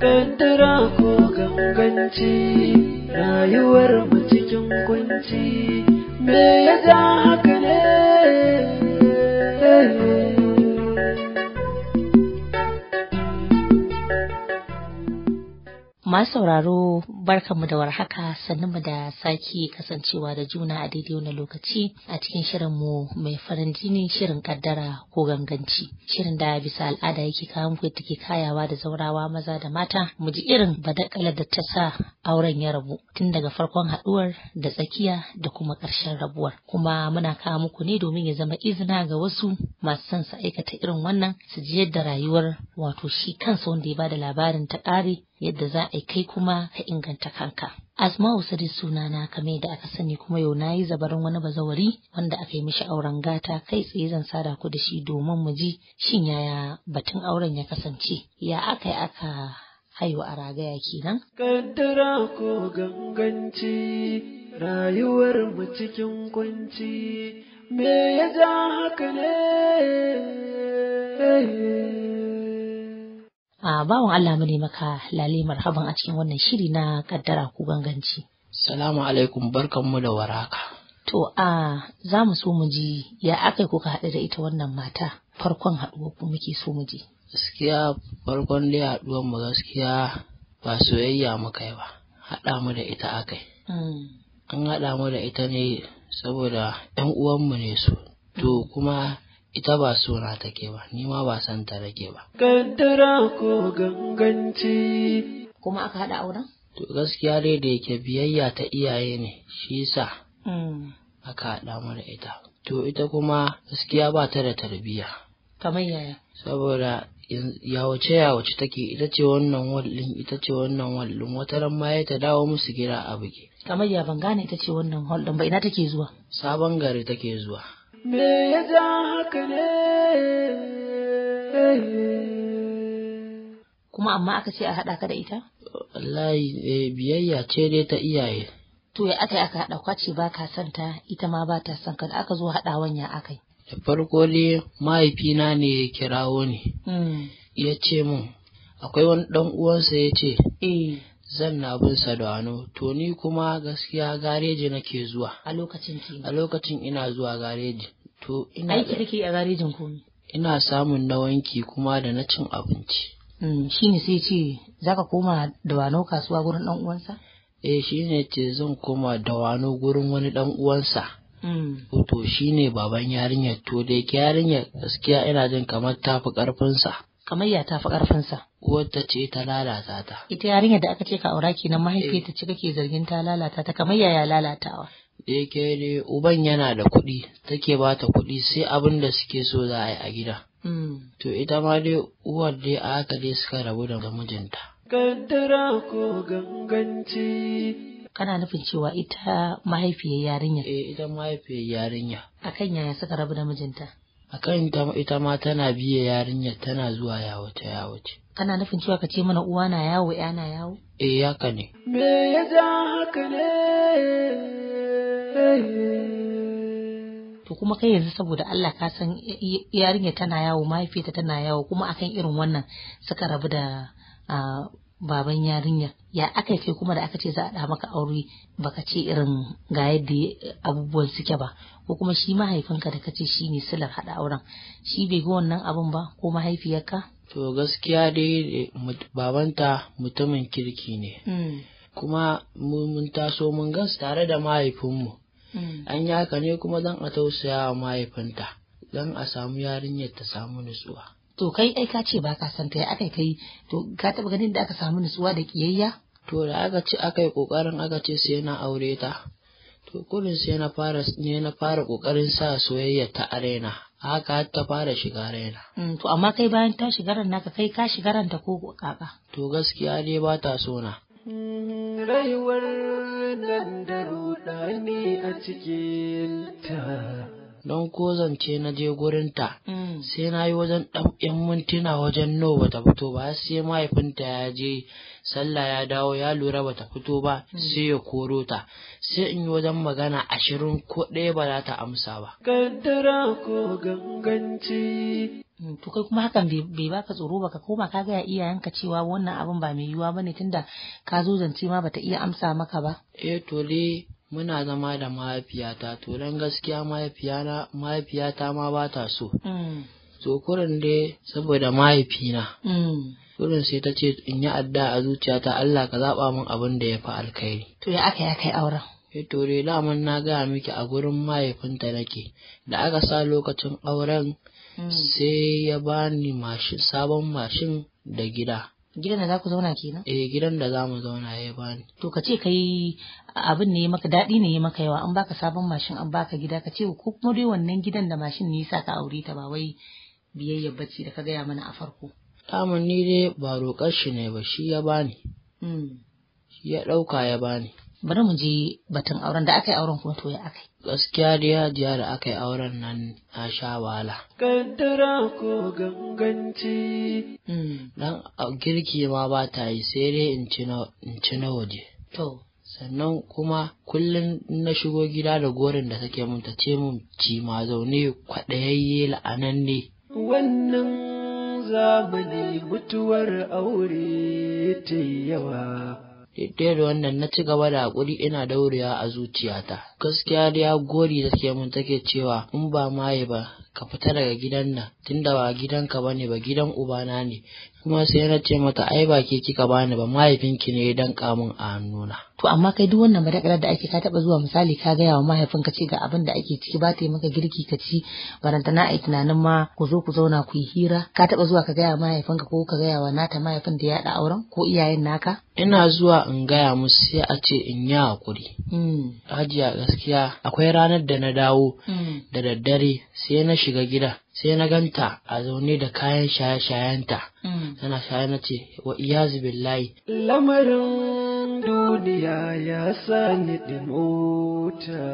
Kaddara ko ganganci rayuwar mu cikin kunci me ya haka ne Masu sauraro barkanmu da warhaka mu da sake kasancewa da juna a daidai wani lokaci a cikin shirin mu mai farin jini shirin kaddara ko ganganci. Shirin da bisa al'ada yake kawo muku take kayawa da zaurawa maza da mata mu ji irin badakalar da ta sa auren ya rabu tun daga farkon haduwar da tsakiya da kuma ƙarshen rabuwar. Kuma muna kawo muku ne domin ya zama izina ga wasu masu son su aikata irin wannan su ji yadda rayuwar wato shi kansa wanda ya bada labarin ta ƙare yadda za a yi kai kuma ka inganta kanka. Asma'u Sadi sunana kame da aka sani kuma yau na yi zabarin wani bazawari wanda aka yi mishi auren gata kai tsaye zan sada ku da shi domin mu ji shin yaya batun auren ya kasance ya aka yi aka haihu a ragaya kenan. Kaddara ko ganganci rayuwar mu cikin kwanci, me ya ja haka ne. bawan Allah mu ne maka lale marhaban a cikin wannan shiri na kaddara ko ganganci. Salamu alaikum barkanmu da waraka. To a za mu so mu ji ya aka kuka haɗu da ita wannan mata farkon haɗuwa ku muke so mu ji. Gaskiya farkon dai haɗuwar mu gaskiya ba soyayya mu yi ba haɗa mu da ita akai. Mm. An haɗa mu da ita ne saboda ‘yan uwanmu ne su. To kuma ita ba sura take ba ni ma ba san ta rage ba kaddara ko ganganci kuma aka haɗa auren to gaskiya dai da yake biyayya ta iyaye ne shi sa hmm. aka haɗa mana ita to ita kuma gaskiya ba ta da tarbiyya kamar yaya saboda yawace yawace take ita ce wannan wallin ita ce wannan wallin wata ran ma ta dawo musu gida a buge kamar ya ban gane ita ce wannan wallin ba ina take zuwa sabon gari take zuwa me ya ja haka ne kuma amma aka ce a haɗa ka da ita wallahi eh, biyayya ce dai ta iyaye to ya aka yi aka haɗa kwace ba ka son ta ita ma ba ta son ka aka zo haɗa wanya aka yi. da farko ne mahaifina ne ya kirawo ni hmm. ya ce mun akwai wani ɗan uwansa ya ce eh. zan na bin sadano to ni kuma gaskiya gareji nake zuwa a lokacin a lokacin ina zuwa gareji To ina aiki kake a garejin komai. Ina samun na wanki kuma da na cin abinci. Mm, shi ne sai ce za ka koma da wano kasuwa gurin dan uwansa? Eh shi ne ce zan koma da wano gurin wani dan uwansa. Mm. To shi ne baban yarinyar to da yake yarinyar gaskiya ina jin kamar ta fi ƙarfinsa. Kamar ya ta fi ƙarfinsa. Wata ce ta lalata ta. Ita yarinyar da aka ce ka aura kenan eh. mahaifiyarta ce kake zargin ta lalata ta kamar yaya lalatawa. ɗaya ke uban yana da kuɗi take ba ta kuɗi sai abin da suke so za a yi a gida. Hmm. To ita ma dai uwar dai a haka dai suka rabu da mijinta. Kaddara ko ganganci. Kana nufin cewa ita mahaifiyar yarinya? Eh ita mahaifiyar yarinya. A kan yaya suka rabu da mijinta? kan ita ma tana biye yarinya tana zuwa yawo ta yawo ce. Kana nufin cewa ka ce mana uwa na yawo ya na yawo? Eh ya ka ne. Me ya ja haka ne? to kuma kai yanzu saboda Allah ka san yarinya tana yawo mahaifiyarta tana yawo kuma akan irin wannan suka rabu da baban yarinyar ya aka kai kuma da aka ce za a maka aure ba ka ce irin ga yadda abubuwan suke ba ko kuma shi mahaifinka da kace shi ne silar haɗa auren shi bai ga wannan abun ba ko mahaifiyarka to gaskiya dai babanta mutumin kirki ne hmm. kuma mun taso mun gan tare da mahaifinmu Mm. an yi haka ne kuma zan a tausaya wa mahaifinta don a samu yarinyar ta samu nutsuwa to kai ai ka ce ba ka san ta aka kai to ka taba ganin da aka samu nutsuwa da kiyayya to da aka ce aka yi kokarin aka ce sai na aure ta to kullum sai na fara ne na fara kokarin sa soyayya ta arena haka ta fara shiga raina. Mm, to amma kai bayan ta shigaran naka kai ka shigaran ta ko kaka to gaskiya ne ba ta so na Rayuwar nan da ruɗa ne a cikin ta. don ko zance na je gurinta mm. sai na yi wajen ɗan mintuna wajen no bata fito ba sai mahaifinta ya je sallah ya dawo ya lura bata fito ba mm. sai ya koro ta sai in yi wajen magana ashirin ko ɗaya ba za ta amsa ba. Kantara ko ganganci. Mm, to kai kuma hakan bai baka tsoro ba ka koma ka gaya iyayenka cewa wannan abin ba mai yiwuwa ba ne tunda ka zo zance ma bata iya amsa maka ba. Eh to dai muna zama da mahaifiyata to don gaskiya mahaifiyata ma ba ta so to mm. kurin dai saboda mahaifina mm. kurin sai ta ce in yi adda a zuciyata Allah ka zaɓa min abin da ya fi alkhairi to ya aka ya kai auren ya eh tore daman na gaya miki a gurin mahaifinta nake da aka sa lokacin auren mm. sai ya bani mashin sabon mashin da gida gidan da za ku zauna kenan eh gidan da za mu zauna ya eh, bani to ka ce kai abin ne maka daɗi ne maka yawa an baka sabon mashin an baka gida ka ce ko kuma dai wannan gidan da mashin ne yasa ka aure ta ba wai biyayya bacci da ka gaya mana a farko tamun ni dai ba roƙar shi ne ba shi ya bani hmm. shi ya ɗauka ya bani bari mu je batun auren da aka yi auren kuma to ya aka gaskiya da jiya da aka yi auren nan na sha wahala. Kantara ko ganganci. Hmm, dan girki ma ba ta yi sai dai in ci na waje. To, sannan kuma kullum na shigo gida da gorin da take mun ta ce mun ci ma zaune kwaɗayayye la'ananne. Wannan zamani mutuwar aure ta yawa. daidai wannan na ci gaba da haƙuri ina daurewa a zuciyata gaskiya ya gori da take mun take cewa in ba maye ba ka fita daga gidan nan tunda ba gidanka bane ba gidan ubana ne kuma sai na ce mata ai ba ke kika bani ba mahaifinki ne ya danka mun a hannuna to amma kai duk wannan madakarar da ake ka taba zuwa misali ka gaya wa mahaifin ka ce ga abin da ake ciki ba ta yi maka girki ka ci barantana a yi tunanin ma ku zo ku zauna ku yi hira ka taba zuwa ka gaya mahaifin ka ko ka gaya wa nata mahaifin da ya da auren ko iyayen naka ina zuwa in gaya musu sai a ce in yi hakuri hmm. hajiya gaskiya akwai ranar da na dawo hmm. da daddare sai na shiga gida sai na ganta a zaune da kayan shaye-shayenta hmm. tana shaye na ce wa iyazu billahi lamarin duniya ya sani mota.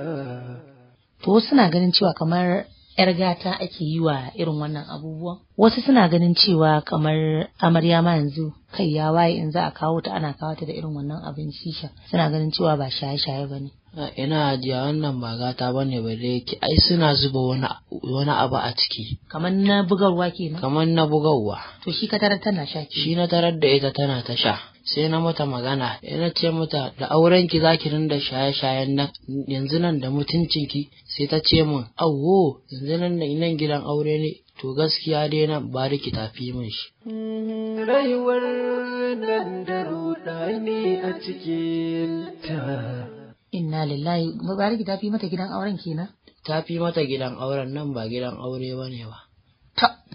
To wasu suna ganin cewa kamar ‘yar gata ake yi wa irin wannan abubuwan. Wasu suna ganin cewa kamar amarya ma yanzu kai ya waye in za a kawo ta ana kawo ta da irin wannan abin shisha. Suna ganin cewa ba shaye-shaye ba ne. Ina jiya wannan ba gata ba ne ba dai ai suna zuba wani abu a ciki. Kamar na bugarwa ke Kamar na bugarwa. To shi ka tarar tana sha Shi na tarar da ita tana ta sha. sai na mata magana na ce mata da auren ki zaki rinda shaye-shayen nan yanzu nan da mutuncinki sai ta ce min awwo yanzu nan da inan gidan aure ne to gaskiya dai nan bari ki tafi min shi mhm. rayuwar nan da rudani a cikin ta Inna lillahi, bari ta fi mata gidan auren kenan? Ta fi mata gidan auren nan ba gidan aure ba ne ba.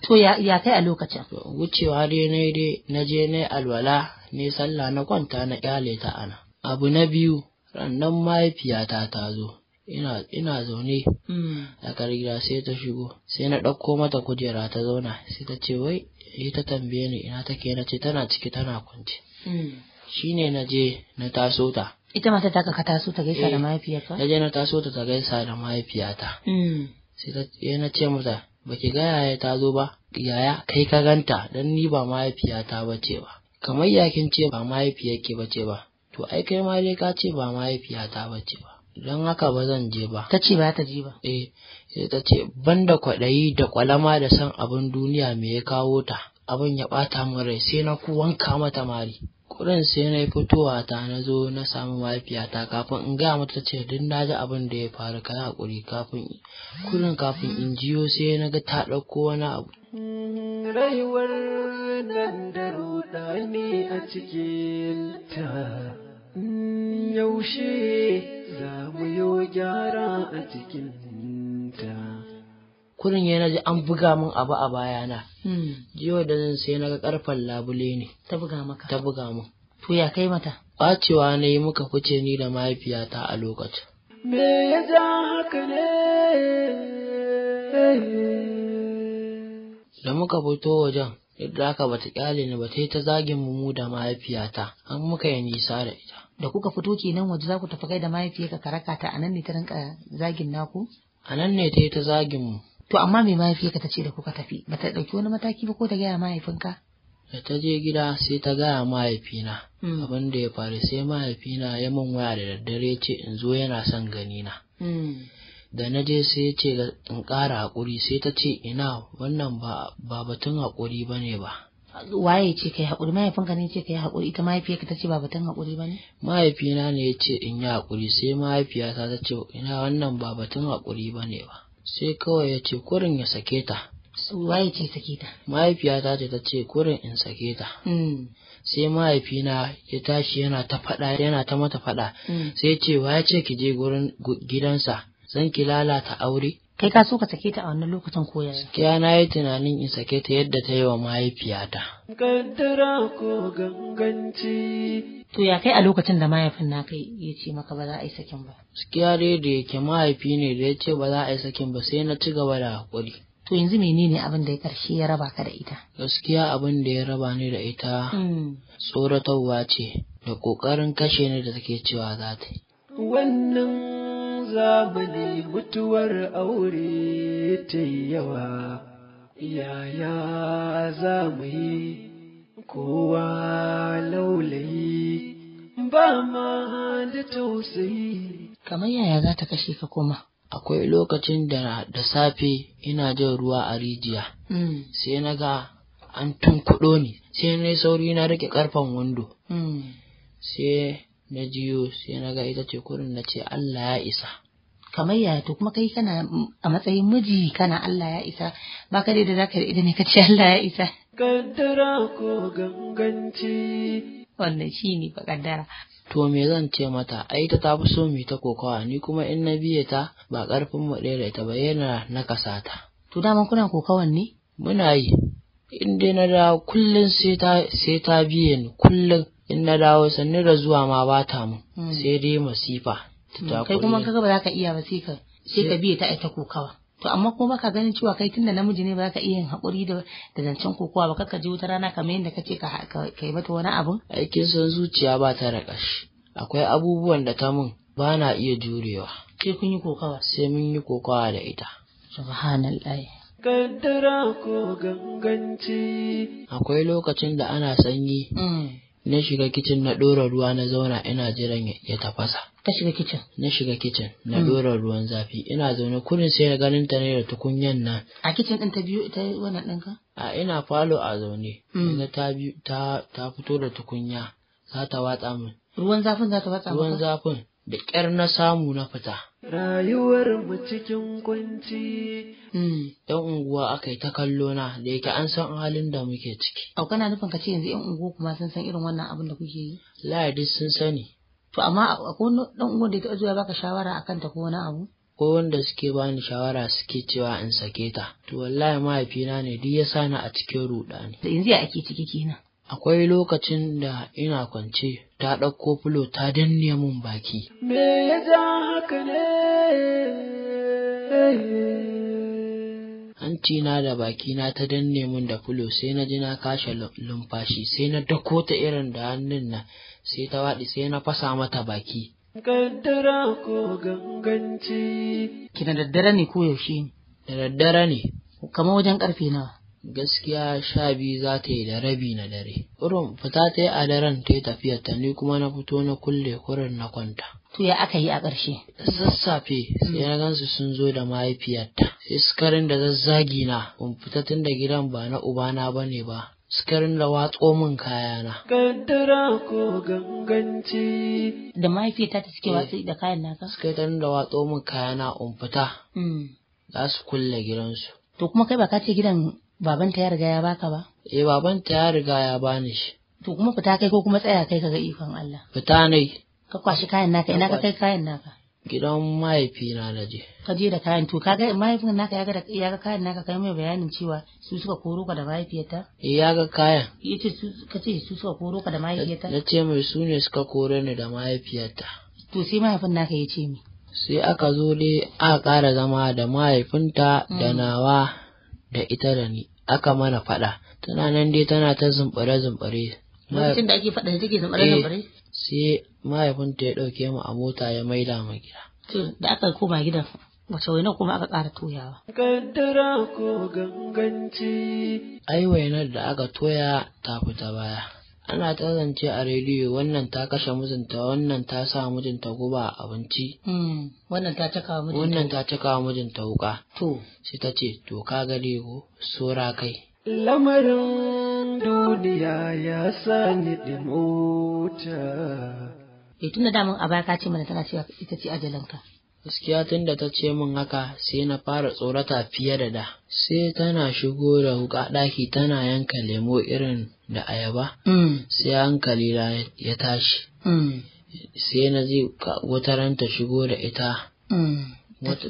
To ya, ya kai a lokacin? Wucewa dai na dai na je na alwala ne sallah na kwanta na kyale ta ana. Abu na biyu rannan mahaifiyata ta zo. Ina, ina zaune hmm. a gida sai ta shigo sai na ɗauko mata kujera ta zauna sai ta ce wai yi ta tambaye ni ina take na ce tana ciki tana Shi hmm. Shine na je na taso ta. Ita mata ta kaka taso ta gaisa da eh, mahaifiyata? Na je na taso ta ta gaisa da mahaifiyata. Hmm. Sai ta eh, na ce mata Ba ki ga yaya ta zo ba yaya kai ka ganta dan ni ba mahaifiyata ba ce ba kamar ya kin ce ba mahaifiyarki ba ce ba to ai kai ma dai ka ce ba mahaifiyata ba ce ba don haka ba zan je ba ta ce ba ta je ba eh ta ce ban da kwaɗayi da kwalama da san abin duniya me ya kawo ta abin ya ɓata min rai sai na ku wanka mata mari kurin sai na yi fitowa ta na zo na samu mahaifiyata kafin in gaya mata ce duk na ji abin da ya faru kai hakuri kafin kurin kafin in jiyo sai na ga ta ɗauko wani abu. Mm, rayuwar nan da ne a cikin ta mm, yaushe za mu yi gyara a cikin ta. kurin ya naji an buga min abu a bayana hmm. Jiyo da zan sai naga karfan labule ne ta buga maka ta buga min to ya kai mata bacewa na yi muka fice ni da mahaifiyata a lokacin me ya ja haka ne da muka fito wajen yadda haka bata kyale ni ba ta yi ta zagin mu da mahaifiyata an muka yi nisa da ita da kuka fito kenan waje za ku tafi kai da mahaifiyarka ka raka ta anan ne ta rinka zagin naku anan ne ta yi ta zagin mu to amma mai mahaifiyarka ta ce da kuka tafi ba ta ɗauki wani mataki ba ko ta gaya mahaifinka da ta je gida sai ta gaya mahaifina hmm. abin da ya faru sai mahaifina ya min waya da daddare ce in zo yana son gani na hmm. da na je sai ya ce in ƙara haƙuri sai ta ce ina wannan ba batun haƙuri ba ne ba waye ce kai haƙuri mahaifinka ne ce kai haƙuri ita mahaifiyarka ta ce ba batun haƙuri ba ne mahaifina ne ya ce in yi haƙuri sai mahaifiyata ta ce ina wannan ba batun haƙuri ba ne ba sai kawai ya ce kurin ya sake ta waye ce sake ta mahaifiyata ce ta ce kurin in sake ta hmm. sai mahaifina ya tashi yana ta faɗa yana ta mata faɗa hmm. sai ce waye ce ki je gurin gidansa zan ki lalata aure kai ka so ka sake ta a wannan lokacin ko yaya gaskiya na yi tunanin in sake ta yadda ta yi wa mahaifiyata kaddara ko ganganci to ya kai a lokacin da mahaifin naka ya ce maka ba za a yi sakin ba gaskiya dai da yake mahaifi ne da ya ce ba za a yi sakin ba sai na ci gaba da hakuri to yanzu menene abin da ya karshe ya raba ka da ita gaskiya abin da ya raba ni da ita mm. tsoratarwa ce da kokarin kashe ni da take cewa za ta yi wannan zamani mutuwar aure ta yawa yaya za mu yi kowa laulayi ba ma da tausayi kamar yaya za ta kashe ka kuma akwai lokacin da da safe ina jin ruwa a rijiya mm. sai na ga an tunkuɗo ni sai na sauri na rike ƙarfen wando mm. sai na jiyo sai na ga ita ce kurin na ce Allah ya isa kamar yaya to kuma kai kana a matsayin miji kana Allah ya isa ba ka da zaka da ne ka ce Allah ya isa kaddara ko ganganci wannan shine ba kaddara to me zan ce mata ai ta tafi so mi ta kokawa ni kuma in na biye ta ba karfin mu ɗaya da ita ba yana na kasata to dama kuna kokawan ne muna yi in dai na da kullum sai ta biya ni kullum in na dawo sannu da zuwa ma ba ta mu hmm. sai dai masifa ta hmm. kai kuma kaga ba za ka iya ba sai ka biya ta a ta kokawa to amma kuma baka ganin cewa kai tunda namiji ne ba za ka iya yin haƙuri da da zancen kokowa ba kaka je wata rana kamar yadda kace ka yi mata wani abu? aikin san zuciya ba ta da akwai abubuwan da ta mun ba na iya jurewa sai kun yi kokawa sai mun yi kokawa da ita subhanallahi kaddara ko ganganci akwai lokacin da ana sanyi hmm. na shiga kicin na ɗora ruwa na zauna ina jiran ya tafasa ta shiga kitchen na shiga kicin na hmm. ɗora ruwan zafi ina zaune kurin sai na ganin ta ne da tukunyan nan a kicin ɗin ta biyu ita wannan ɗinka a ina falo a zaune hmm. ina ta ta fito da tukunya za ta watsa min ruwan zafin za ta watsa ruwan zafin da ƙyar na samu na fita. Rayuwar mu cikin kwanci. ‘Yan hmm, unguwa aka yi ta kallo na da yake an san halin da muke ciki. Au kana nufin ka ce yanzu ‘yan unguwa kuma sun san irin wannan abin da kuke yi? Lahadi sun sani. To amma akwai ɗan unguwa da ya zuwa baka shawara a kanta ko wani abu? ko wanda suke bani shawara suke cewa in sake ta to wallahi mahaifina ne duk ya sani a cikin ruɗani. da yanzu ya ake ciki kenan Akwai lokacin da ina kwance ta ɗauko fulo ta danne mun baki. Me ya ja haka ne? na da bakina ta danne mun da fulo sai na ji na kashe lumfashi sai na dako ta irin da hannun na sai ta waɗi sai na fasa mata baki. Kaddara ko ganganci. Kina daddare ne ko yaushe Da daddare ne. Kamar wajen ƙarfe nawa? gaskiya sha biyu za ta yi da rabi na dare kurum fita ta yi a daren ta yi tafiya ta ni kuma na fito na kulle kurin na kwanta to ya aka yi a ƙarshe sassafe sai na gansu sun zo da mahaifiyarta iskarin da zazzagi na kun fita tun da gidan ba na ubana ba ne ba sukarin da watso min kayana kaddara ko ganganci da mahaifiyarta ta suke watsi da kayan naka sukarin da watso min kayana kun fita hmm. za su kulle gidansu to kuma kai ba ka ce gidan babanta ya riga ya baka ba eh babanta ya riga ya bani shi to kuma fita kai ko kuma tsaya kai kaga ikon Allah fita ne ka kwashi kayan naka ina ka kai kayan naka gidan mahaifina na je ka je da kayan to kaga mahaifin naka ya ga ya ga kayan naka kai mai bayanin cewa su suka koro ka da mahaifiyarta eh ya ga kayan yace su ce su suka koro ka da mahaifiyarta na ce mai su ne suka kore ni da mahaifiyarta to sai mahaifin naka ya ce mi sai aka zo dai aka ƙara zama da mahaifinta da mm. nawa da ita da ni aka mana faɗa tana nan dai tana ta zumbare zumbare lokacin da ake faɗa take zumbare zumbare eh, sai mahaifinta ya ɗauke mu a mota ya maida mu gida da aka koma gidan wace wainar kuma aka ƙara toyawa. Kaddara ko ganganci. Ai wainar da aka toya ta fita baya. ana ta zance a rediyo wannan ta kashe mijinta wannan ta sa mijinta guba a abinci hmm, wannan ta cika mijinta mijinta wuka to sai ta ce to ka gare ko sora kai lamarin duniya ya sani dimota ya eh, tunda damun a baya ka ce mana tana cewa ita ce ajalanka gaskiya tunda ta ce min haka sai na fara tsorata fiye da da sai tana shigo da wuka ɗaki tana yanka lemo irin da ayaba mm. sai hankali ya tashi mm. sai na ji wata ranta shigo da ita mm.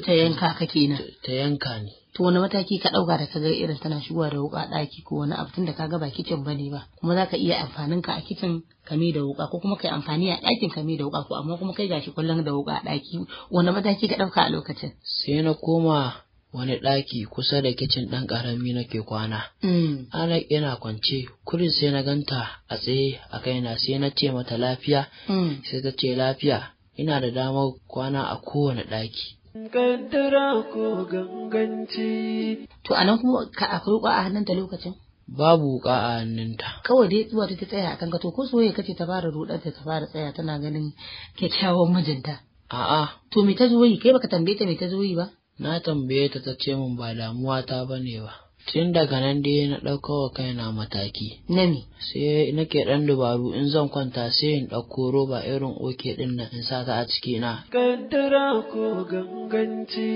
ta yanka ka kenan ta yanka ne to wani mataki ka ɗauka da ka ga irin tana shigowa da wuka ɗaki ko wani abu tunda ga ba kicin bane ba kuma zaka iya amfanin ka a kicin kame da wuka ko kuma kai amfani a ɗakin kame da wuka ko amma kuma kai gashi kullum da wuka ɗaki wani mataki ka ɗauka a lokacin sai na koma wani ɗaki kusa da kicin ɗan ƙarami nake kwana. Mm. Ana ina kwance, kurin sai na ganta a tsaye a kaina sai na ce mata lafiya, mm. sai ta ce lafiya, ina da damar kwana a kowane ɗaki. Gantara ko ganganci. To a nan kuma ka akwai wuƙa a hannunta lokacin? Babu wuƙa a hannunta. Kawai dai zuwa ta tsaya a kan gato ko soyayya kace ta fara ruɗanta ta fara tsaya tana ganin kyakkyawan mijinta. A'a. To me ta zo yi kai baka tambaye ta me ta zo yi ba? Na tambaye ta ta ce min ba damuwa ta bane ba. Tun daga nan dai na ɗauko wa kaina mataki. Na me? Sai nake ɗan dubaru in zan kwanta sai in ɗauko roba irin oke ɗin nan in sa ta a ciki na. Kaddara ko ganganci.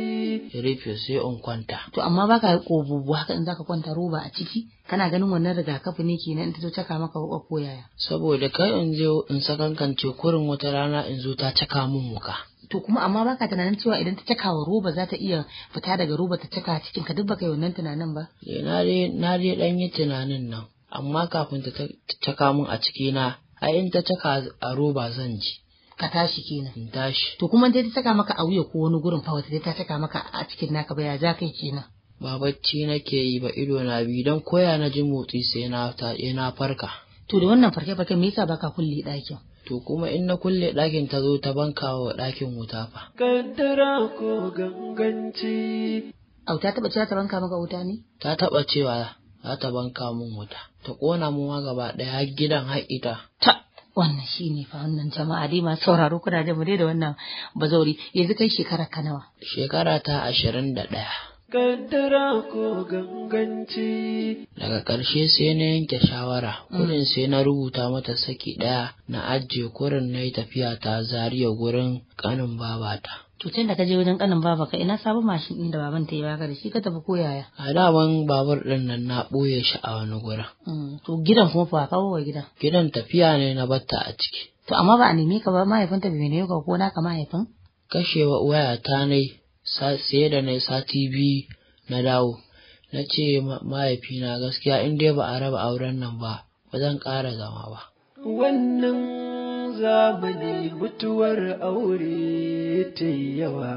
Rufe sai in kwanta. To amma baka yi ƙobubu haka in zaka kwanta roba a ciki? kana ganin wannan rigakafi ne kenan in ta zo caka maka wuka ko yaya saboda kai in je in sakankance kurin wata rana in zo ta caka mun wuka to kuma amma baka tunanin cewa idan ta cakawa roba za ta iya fita daga roba ta caka cikin ka duk baka yi wannan tunanin ba eh, na dai dan yi tunanin nan amma kafin ta caka min a ciki na a in ta caka a roba zan ji ka tashi kenan in tashi to kuma dai ta caka maka a wuya ko wani gurin fa wata ta caka maka a cikin naka ba ya ja kai kenan ba bacci nake yi ba ido na biyu don koya na ji motsi sai na farka to da wannan farke farke me yasa baka kulle ɗakin to kuma in na kulle ɗakin ta zo ta banka wa ɗakin wuta fa. Kaddara ko ganganci. Au ta taɓa cewa ta banka maka wuta ne? Ta taɓa cewa za ta banka mun wuta. Ta ƙona mu ma gaba ɗaya gidan har ita. Ta wannan shi ne fa wannan jama'a dai masu sauraro kuna da da wannan bazauri yanzu kai shekara ka nawa? Shekara ta ashirin da ɗaya. kaddara ko ganganci. Daga ƙarshe sai na yanke shawara, kudin sai na rubuta mata saki ɗaya na ajiye kurin na yi tafiya ta zariya gurin ƙanin babata. Tutun da ka je wajen kanin baba ka ina sabon mashin inda da baban ta yi baka da shi ka tafi ko yaya? A daman babur ɗin nan na ɓoye shi a wani gurin. Mm, to gidan kuma fa kawo wa gidan? Gidan tafiya ne na batta a ciki. To amma ba a nemi ka ba mahaifinta bai ne ka ko naka mahaifin? Kashewa waya ta ne sai da na sati biyu na dawo na ce mahaifina gaskiya in dai ba a raba auren nan ba ba zan ƙara zama ba wannan zamani mutuwar aure ta yawa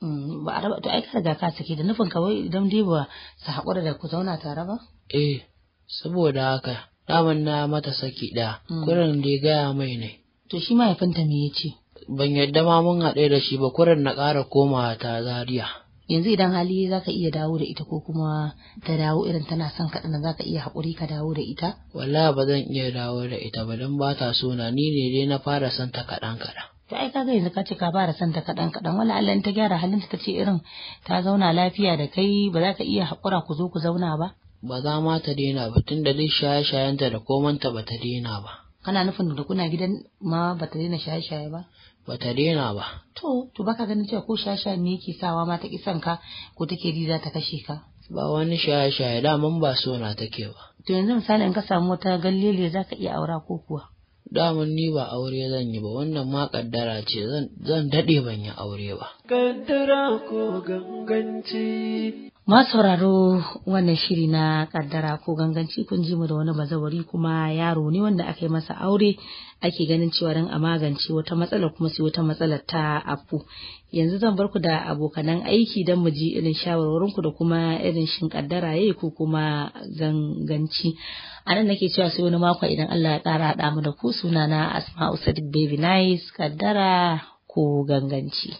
mm, ba a raba to ai daga ka sake da nufin kawai idan dai ba su haƙura da ku zauna tare ba? Eh, saboda haka daman na mata saki ɗaya, mm. kurin da gaya mai ne. To shi mahaifinta me ya ce? ban yadda ma mun haɗe da shi ba kurin na ƙara komawa ta Zariya. yanzu idan hali za ka iya dawo da ita ko kuma ta dawo irin tana son ka za ka iya haƙuri ka dawo da ita? Wala ba zan iya dawo da ita ba don ba ta so na ni ne dai na fara son ta kaɗan kaɗan. ta ai kaga yanzu ka ce ka fara son ta kaɗan kaɗan wala Allah ta gyara halin ta ce irin ta zauna lafiya da kai ba za ka iya haƙura ku zo ku zauna ba. Ba za ma ta daina ba tun da dai shaye-shayenta da komanta ba ta daina ba. Kana nufin da kuna gidan ma ba ta daina shaye-shaye ba? bata daina ba to to baka ganin cewa ko shasha ne yake sawa ma ta kisan ka ko take riza ta kashe ka ba wani shasha daman ba so na take ba to yanzu misali in ka samu wata gallele za ka iya aura ko kuwa daman ni ba aure zan yi ba wannan ma kaddara ce zan daɗe ban yi aure ba. Kaddara ko ganganci masauraro wannan shiri na kaddara ko ganganci kun ji mu da wani bazawari kuma yaro ne wanda aka yi masa aure ake ganin cewa don a magance wata matsalar kuma sai wata matsala ta afu yanzu zan bar ku da abokanan aiki don mu ji irin shawarwarin ku da kuma irin shin kaddara yayi ko kuma ganganci a nan nake cewa sai wani mako idan Allah ya kara haɗa mu da ku suna na Asma'u Sadiq Baby Nice kaddara ko ganganci.